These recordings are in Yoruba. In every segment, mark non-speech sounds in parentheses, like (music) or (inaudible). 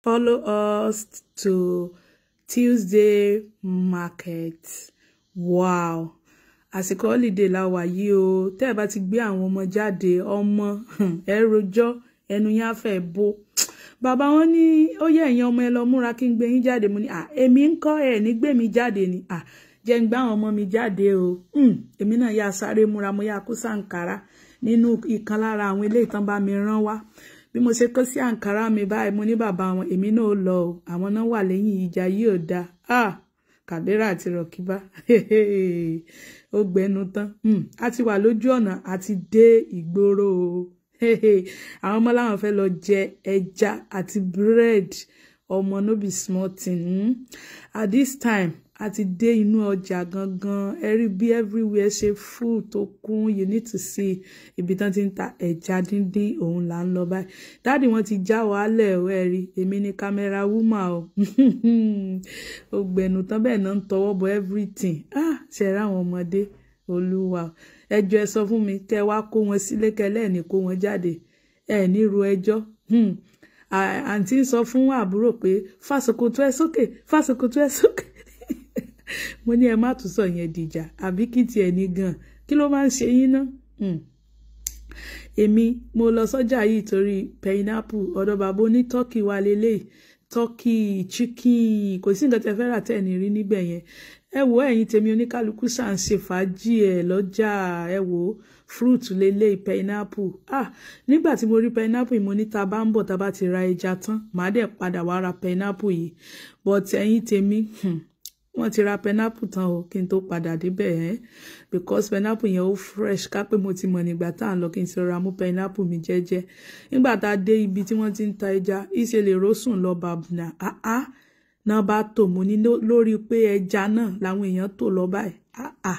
Follow us to Tuesday market. Wow! Àsìkò holiday la wà yìí o. Tẹ́ ẹ bá ti gbé àwọn ọmọ jáde, ọmọ hmm, ẹ rojọ́, ẹnu yẹn á fẹ́ bó. Bàbá wọn ní ó yẹ ẹ̀yin ọmọ ẹ lọ múra kí n gbé yín jáde. Mo ní èmi ń kọ́ ẹ̀ ní gbé mi jáde ni à jẹ́ ń gbá àwọn ọmọ mi jáde o. Hmm, èmi náà yà sáré múra mo yà kó sàǹkárá nínú ìkan lára àwọn eléyìí tán bá mi rán wá bí mo ṣe kó sí àǹkárá mi báyìí mo ní bàbá wọn èmi náà lọ o àwọn náà wà lẹ́yìn ìjà yìí ò dáa ah kàdérà àti rọkíbá (laughs) ó gbẹnu tán hmm. a ti wà lójú ọ̀nà àti dé ìgboro o (laughs) àwọn ọmọ làwọn fẹ́ lọ jẹ ẹja àti búrẹ́dì ọmọ no be small thing hmm. at this time a ti dé inú ọjà gangan ẹ rí bí everywhere ṣe full tó kún you need to see ibi tán ti ń ta ẹja díndín òun là ń lọ báyìí dáàdì wọn ti já wàhálẹ ẹ ẹ rí èmi ni camera woman o ògbẹ̀nù (laughs) tán bẹ́ẹ̀ náà ń tọwọ́ bọ everything ah ṣe ra àwọn ọmọdé olúwa ẹjọ́ ẹ sọ fún mi kẹ wá kó wọn sílé kẹlẹ ní kó wọn jáde ẹ ní ru ẹjọ́ hmm. àǹtí ń sọ fún àbúrò pé fásokòtò ẹ sókè fásokòtò ẹ sókè (laughs) mo ní ẹ má tún sọ yẹn dìjà àbí kí tiẹ̀ ní gan kí ló máa ń ṣe yín ná hmm. èmi mo lọ sọ́jà yìí torí pineapple ọ̀dọ̀ bàbá oní tọ́kì wa lélẹ́yìí tọ́kì chicken kò sí nǹkan tẹ́ fẹ́ rà tẹ́ ní rí níbẹ̀ yẹn ẹ wo ẹ̀yin tèmi oníkálukú ṣáà ń ṣe fàájì ẹ̀ lọ́jà ẹ wo fruit lélẹ̀ pineapple ah nígbà tí mo rí pineapple yìí mo ní ta bá ń bọ̀ ta bá ti ra ẹja tán màá dẹ̀ padà wá ra pineapple yìí but ẹ̀yin tèmi hmm wọ́n ti ra pineapple tán o kí n tó padà débẹ̀ ẹ́ because pineapple yẹn ó fresh ká pé mo ti mọ̀ nígbà tá à ń lọ kí n ti rọra mú pineapple mi jẹ́jẹ́ nígbà tá a dé ibi tí wọ́n ti ń ta ẹja ìṣe lè rósùn lọ bàbùnà àá náà bá tò mú ní lórí pé ẹja náà làwọn èèyàn tò lọ báyìí àá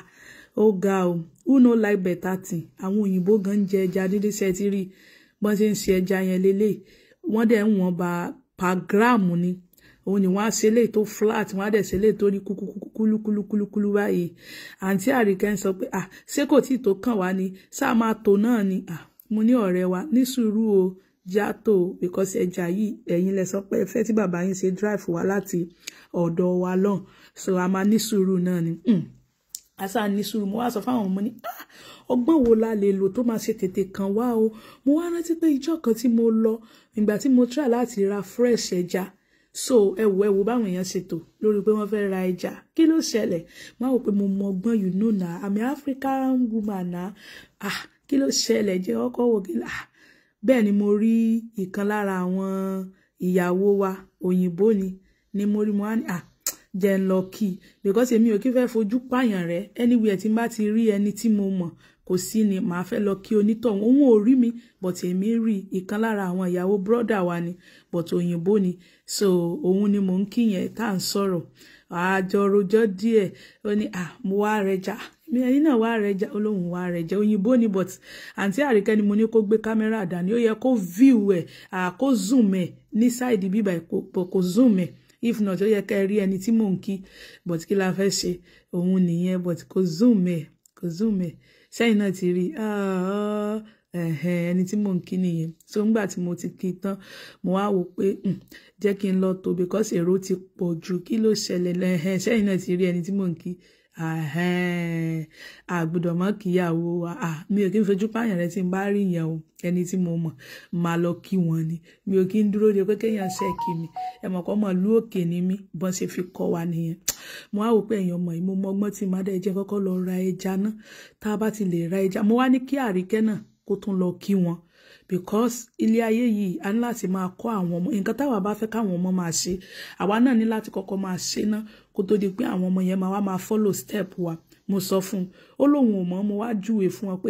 ó ga o who no like better thing àwọn òyìnbó gan ń jẹ ẹja dídí ṣe ti rí bọ́n ṣe ń ṣe ẹja yẹn lélẹ̀ wọ́n dẹ̀ ń wọ́n ba per gram ni òun ni wọ́n á ṣe eléyìí tó flat wọ́n á dẹ̀ ṣe eléyìí tó rí kúlúkúlúkúlú báyìí àǹtí àríkẹ́ ń sọ pé à ṣé kò tí ì tó kàn wá ni sáà máa tò náà ni à mo ní ọ̀rẹ́ wa ní sùúrù o jàtò because ẹja yìí ẹ̀yin lẹ sọ pé ẹ fẹ́ tí bàbá yín ṣe drive wá láti ọ̀dọ̀ wa lọ́n so a máa ní sùúrù náà ni àṣà hmm. ní sùúrù mo wá sọ fáwọn ọmọ ní ọgbọ́n wo la lè lò tó máa ṣe tètè kàn wá o mo wá rántí pé ìjọ́ kan tí mo lọ ìgbà tí mo try láti ra fresh ẹja. E so ẹwù ẹwù báwọn èèyàn ṣètò lórí pé wọ́n fẹ́ẹ́ ra ẹja kí ló ṣẹlẹ̀ wọ́n wò pé mo mọ ọgbọ́n you know na àmì African woman na ah kí ló ṣẹlẹ̀ jẹ́ ọkọ wò kí ah bẹ́ẹ̀ ni mo rí ìkan lára àwọn ìyàwó wa òyìnbó ni ni mo rí mo á ní ah Then lucky because Emi ò kí fẹ́ fojú pààyàn rẹ anywhere tí n bá ti rí ẹni tí mo mọ̀ kò sí ni màá fẹ́ lọ kí onítọ̀hún òun ò rí mi but èmi rí ìkan lára àwọn ìyàwó brọ́dà wa ni but òyìnbó ni so òun ni mò ń kíyẹn tá à ń sọ̀rọ̀ àjọrojọ́ díẹ̀ ó ní à mo wá rẹjà ẹyin náà wá rẹjà olóhùn wá rẹjà ni but àǹtí àríkẹ́ ni mo ní kó gbé kámẹ́rà dání ó yẹ kó view ẹ̀ à kó zoom side ní sáìdì bíbá kò zoom ẹ̀ if not ó yẹ ká ẹ rí ẹni tí mò but kí la fẹ́ ṣe òun nìyẹn but kò zoom ẹ̀ kò zoom ẹ̀ sẹ́yìn náà ti rí ah, ah, ẹni tí mò ń kí nìyẹn so ńgbà tí mo ti kí tán mo wá wò pé hmm, jẹ́ kí n lọ tó because èrò ti pọ̀ jù kí ló ṣẹlẹ̀ lẹ́hìn sẹ́yìn náà ti rí ẹni tí mò ń àgbùdọ̀ mọ́ kíyàwó wa mi ò kí ń fojú pààyàn rẹ tí n bá rí yẹn o ẹni tí mo mọ̀ máa lọ kí wọn ni mi ò kí ń dúró de pé kéèyàn ṣe kí mi ẹ̀mọ̀ kọ́ mọ̀ lú òkè ni mí bọ́n ṣe fi kọ́ wa nìyẹn mo á wò pé èèyàn mọ̀ yìí mo mọ ọgbọ́n tí màá dẹ̀ jẹ́ kọ́kọ́ lọ ra ẹja náà tá a bá ti lè ra ẹja mo wá ní kí àríkẹ́ náà kó tún lọ kí wọn because ilé ayé yìí a ní láti máa kọ́ àwọn ọmọ nǹkan táwa bá fẹ́ káwọn ọmọ máa ṣe àwa náà ní láti kọ́kọ́ máa ṣe ná kó tó di pé àwọn ọmọ yẹn máa wá máa follow step wa mo sọ fún un ó lóun ò mọ̀ mo wá júwe fún wọn pé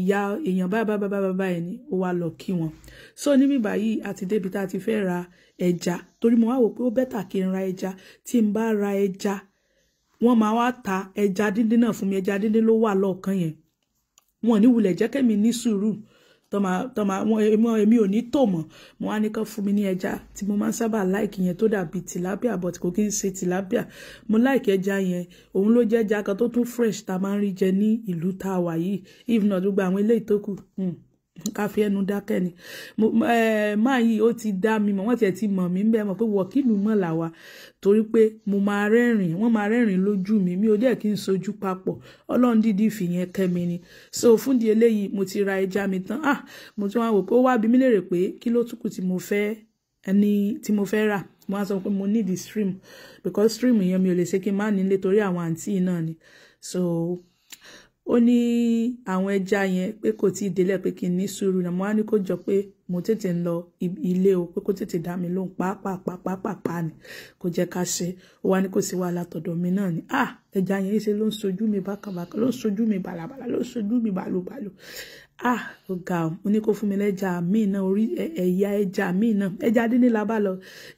ìyá èèyàn báyìí báyìí báyìí báyìí ni ó wá lọ kí wọn so níbí báyìí àti débi tá a ti fẹ́ ra ẹja torí mo wá wò pé ó bẹ́tà kí n ra ẹja tí n bá ra ẹja wọ́n máa wá ta ẹja díndín náà fún mi ẹja díndín ló wà lọ́ọ̀kan yẹn wọn ò ní wulẹ̀ jẹ́ ní sùúrù tọ́mà tọ́mà wọn èmi ò ní tò mọ́ mo wá ní kán fún mi ní ẹja tí mo máa ń sábà láìkì yẹn tó dàbí tilapia but kò kí n ṣe tilapia mo láìkì ẹja yẹn òun ló jẹ́ ẹja kan tó tún fresh tá máa ń rí jẹ ní ìlú tá a wà yìí if not gbogbo àwọn eléyìí tó kù. Hmm ká fi ẹnu dákẹ́ ni máa yìí ó ti dá mi mọ̀ wọ́n tiẹ̀ ti mọ̀ mí ń bẹ́ẹ̀ mọ̀ pé wọ̀kìlù mọ̀ làwa torí pé mo máa rẹ́rìn wọ́n máa rẹ́rìn lójú mi mi ò dẹ́ kí n sojú papọ̀ ọlọ́run dídí fìyẹn kẹ́mi ni so fún di eléyìí mo ti ra ẹja mi tán ah mo tún wá wò pé ó wá bí mi léèrè pé kí ló tún tí mo fẹ́ ẹni tí mo fẹ́ rà mo á sọ pé mo need stream because stream yẹn mi ò lè ṣe kí n má nílé torí àwọn àǹtí náà ni so ó ní àwọn ẹja yẹn pé kò tí ì délẹ̀ pé kí n ní sùúrù náà mo wá ní kó jọ pé mo tètè ń lọ ilé o pé kó tètè dá mi lóhùn pàápàá ni kò jẹ́ ká ṣe ó wá ní kò sí wàhálà tọ̀dọ̀ mi náà ni ah ẹja yẹn ṣe ló ń sojú mi bákàbàkà ló ń sojú mi bàlàbàlà ló ń sojú mi bàlùbàlù ah ó ga ọ mo ní kó fún mi lẹ́ja míì náà orí ẹ̀yà ẹja míì náà ẹja dín ní labá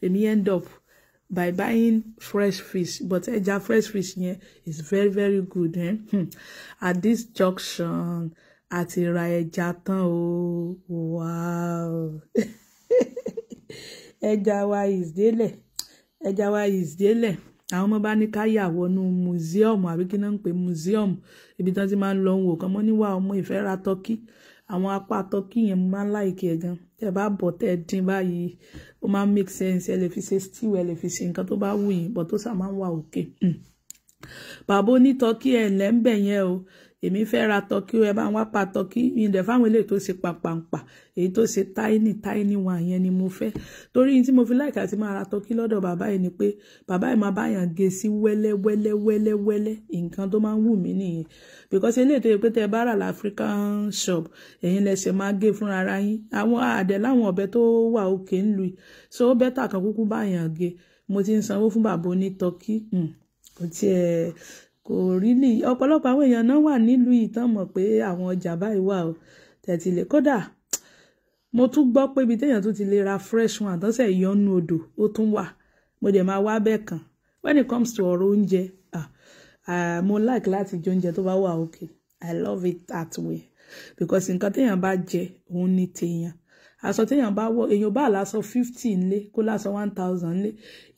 èmi end up by buying fresh fish but ẹja fresh fish yẹn is very very good eh? Hmm. at this junction at ti ra ẹja oh o wow (laughs) ẹja wa is délẹ̀ ẹja wa is délẹ̀ àwọn ọmọ bá ní ká yà wọnú museum àbí kí náà ń pè museum ibi tí wọ́n ti máa ń lọ wò kàn mọ́ níwà ọmọ ìfẹ́ ra tọ́kí àwọn apá tọ́kì yẹn mo máa ń láìkí ẹ̀ gan tẹ bá bọ̀ tẹ dín báyìí ó máa ń make sense ẹ lè fi ṣe stew ẹ lè fi ṣe nǹkan tó bá wù yín but tó sà òkè bàbá onítọ́kì ẹ̀ lẹ́ yẹn o èmi fẹ́ ra tọ́kí ẹ bá ń wá pa tọ́kí ìdẹ̀ fáwọn eléyìí tó ṣe pàpàǹpà èyí tó ṣe táìní táìní wọn àyẹn ni mo fẹ́ torí tí mo fi láìka ti máa ra tọ́kí lọ́dọ̀ bàbá yìí ni pé bàbá yìí máa báyàn gé sí wẹ́lẹ́ wẹ́lẹ́ wẹ́lẹ́ wẹ́lẹ́ nǹkan tó máa ń wù mí nìyẹn because eléyìí tó yẹ pé tẹ bá rà láfrican shop ẹ̀yin lẹ́sẹ̀ máa gé fúnra ara yín àwọn àdẹ̀ láwọn ọ̀bẹ tó wà òkè ń lu so ó bẹ́tà kan kúkú báyàn gé mo ti ń sanwó fún bàbá onítọ́kí hmm. kò tiẹ̀ eléyìí ọ̀pọ̀lọpọ̀ àwọn èèyàn náà wà nílùú yìí tán mọ̀ pé àwọn ọjà báyìí wà o tẹ̀tí lè kódà mo tún gbọ́ pé ibi téèyàn tún ti lè ra fresh one àtọ́sẹ̀ ìyọnu odò ó tún wà mo dẹ̀ máa wá bẹ́ẹ̀ kàn when it comes to ọ̀rọ̀ oúnjẹ ah, uh, mo like láti jẹ oúnjẹ tó bá wà okay I love it that way because nǹkan téèyàn bá jẹ òun ni téèyàn aṣọ téèyàn bá wọ̀ èèyàn bá láṣọ fifty ńlé kó láṣọ one thousand ńlé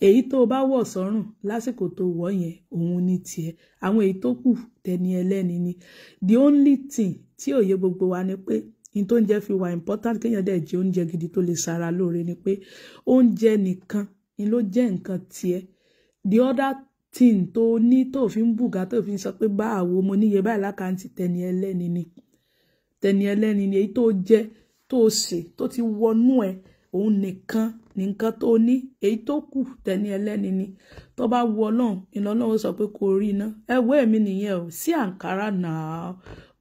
èyí tó o bá wọ̀ sọ́rùn lásìkò tó wọ̀ yẹn òun ni tiẹ̀ àwọn èyí tó kù tẹni ẹlẹ́ni ni the only thing tí òye gbogbo wa ni pé in tó ń jẹ fi wà important kéèyàn dẹ̀ jẹ oúnjẹ gidi tó lè ṣara lóore ni pé oúnjẹ nìkan ni ló jẹ́ nǹkan tiẹ̀ the other thing tó ní tó fi ń bùgá tó fi ń sọ pé bá àwo mo níye báyìí lákàntì tẹni ẹlẹ́ni ni tẹni ẹlẹ́ni ni èyí tó jẹ́ tó o ṣe tó ti wọnú ẹ òun nìkan ní nǹkan tó ní èyí tó kù tẹni ẹlẹ́ni ni tó bá wu ọlọ́run iná ọlọ́run sọ pé kò rí iná ẹ wọ nìyẹn o sí Ankara now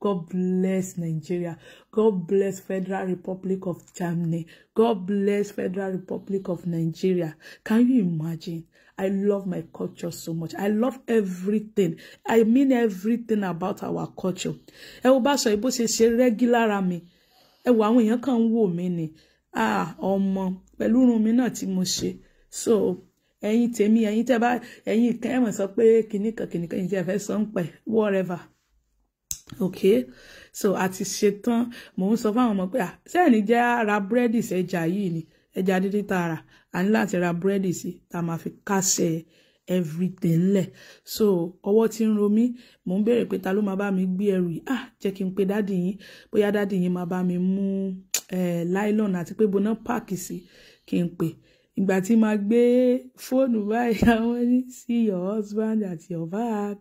God bless Nigeria God bless Federal Republic of Germany God bless Federal Republic of Nigeria can you imagine I love my culture so much I love everything I mean everything about our culture ẹ wo bá sọ yìí bó ṣe ṣe rẹ́gí lára mi ẹ wò àwọn èèyàn kan ń wò mí ni ah ọmọ pẹ̀lú irun mi náà tí mo ṣe so ẹ̀yin tèmi ẹ̀yin tẹ́ bá ẹ̀yin kan ẹ̀wọ̀n sọ pé kìnnìkan kìnnìkan ẹ̀yin tí ẹ fẹ́ sọ ń pẹ̀ whatever ok so àti ṣetán mò ń sọ fáwọn ọmọ pé à sẹ́ẹ̀ni jẹ́ ara búrẹ́dì sẹ́jà yìí ni ẹja dídí tààrà à ń láti ra búrẹ́dì sí tá a máa fi kásẹ̀ ẹ̀ everything lẹ̀ so ọwọ́ tí ń ro mí mò ń béèrè pé ta ló máa bá mi gbé ẹrù yìí ah jẹ́ kí n pe dáàdì yín bóyá dáàdì yín máa bá mi mú eh, láìlọ́nà àti pé boná páàkì sí kí n pè ìgbà tí máa gbé fóònù báyìí (laughs) àwọn ní sí your husband at your back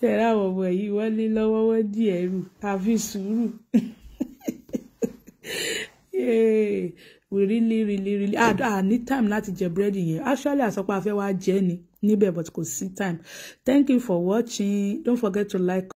tẹ̀lé àwọn ọmọ yìí wọ́n lé lọ́wọ́ wọ́n dì ẹrù àfi sùúrù. (laughs) we really really really ah, ah ní time láti jẹ búrẹ́dì yẹn actually àsọpọ̀ afẹ́ wa jẹ́ ni níbẹ̀ but kò sí time thank you for watching don't forget to like.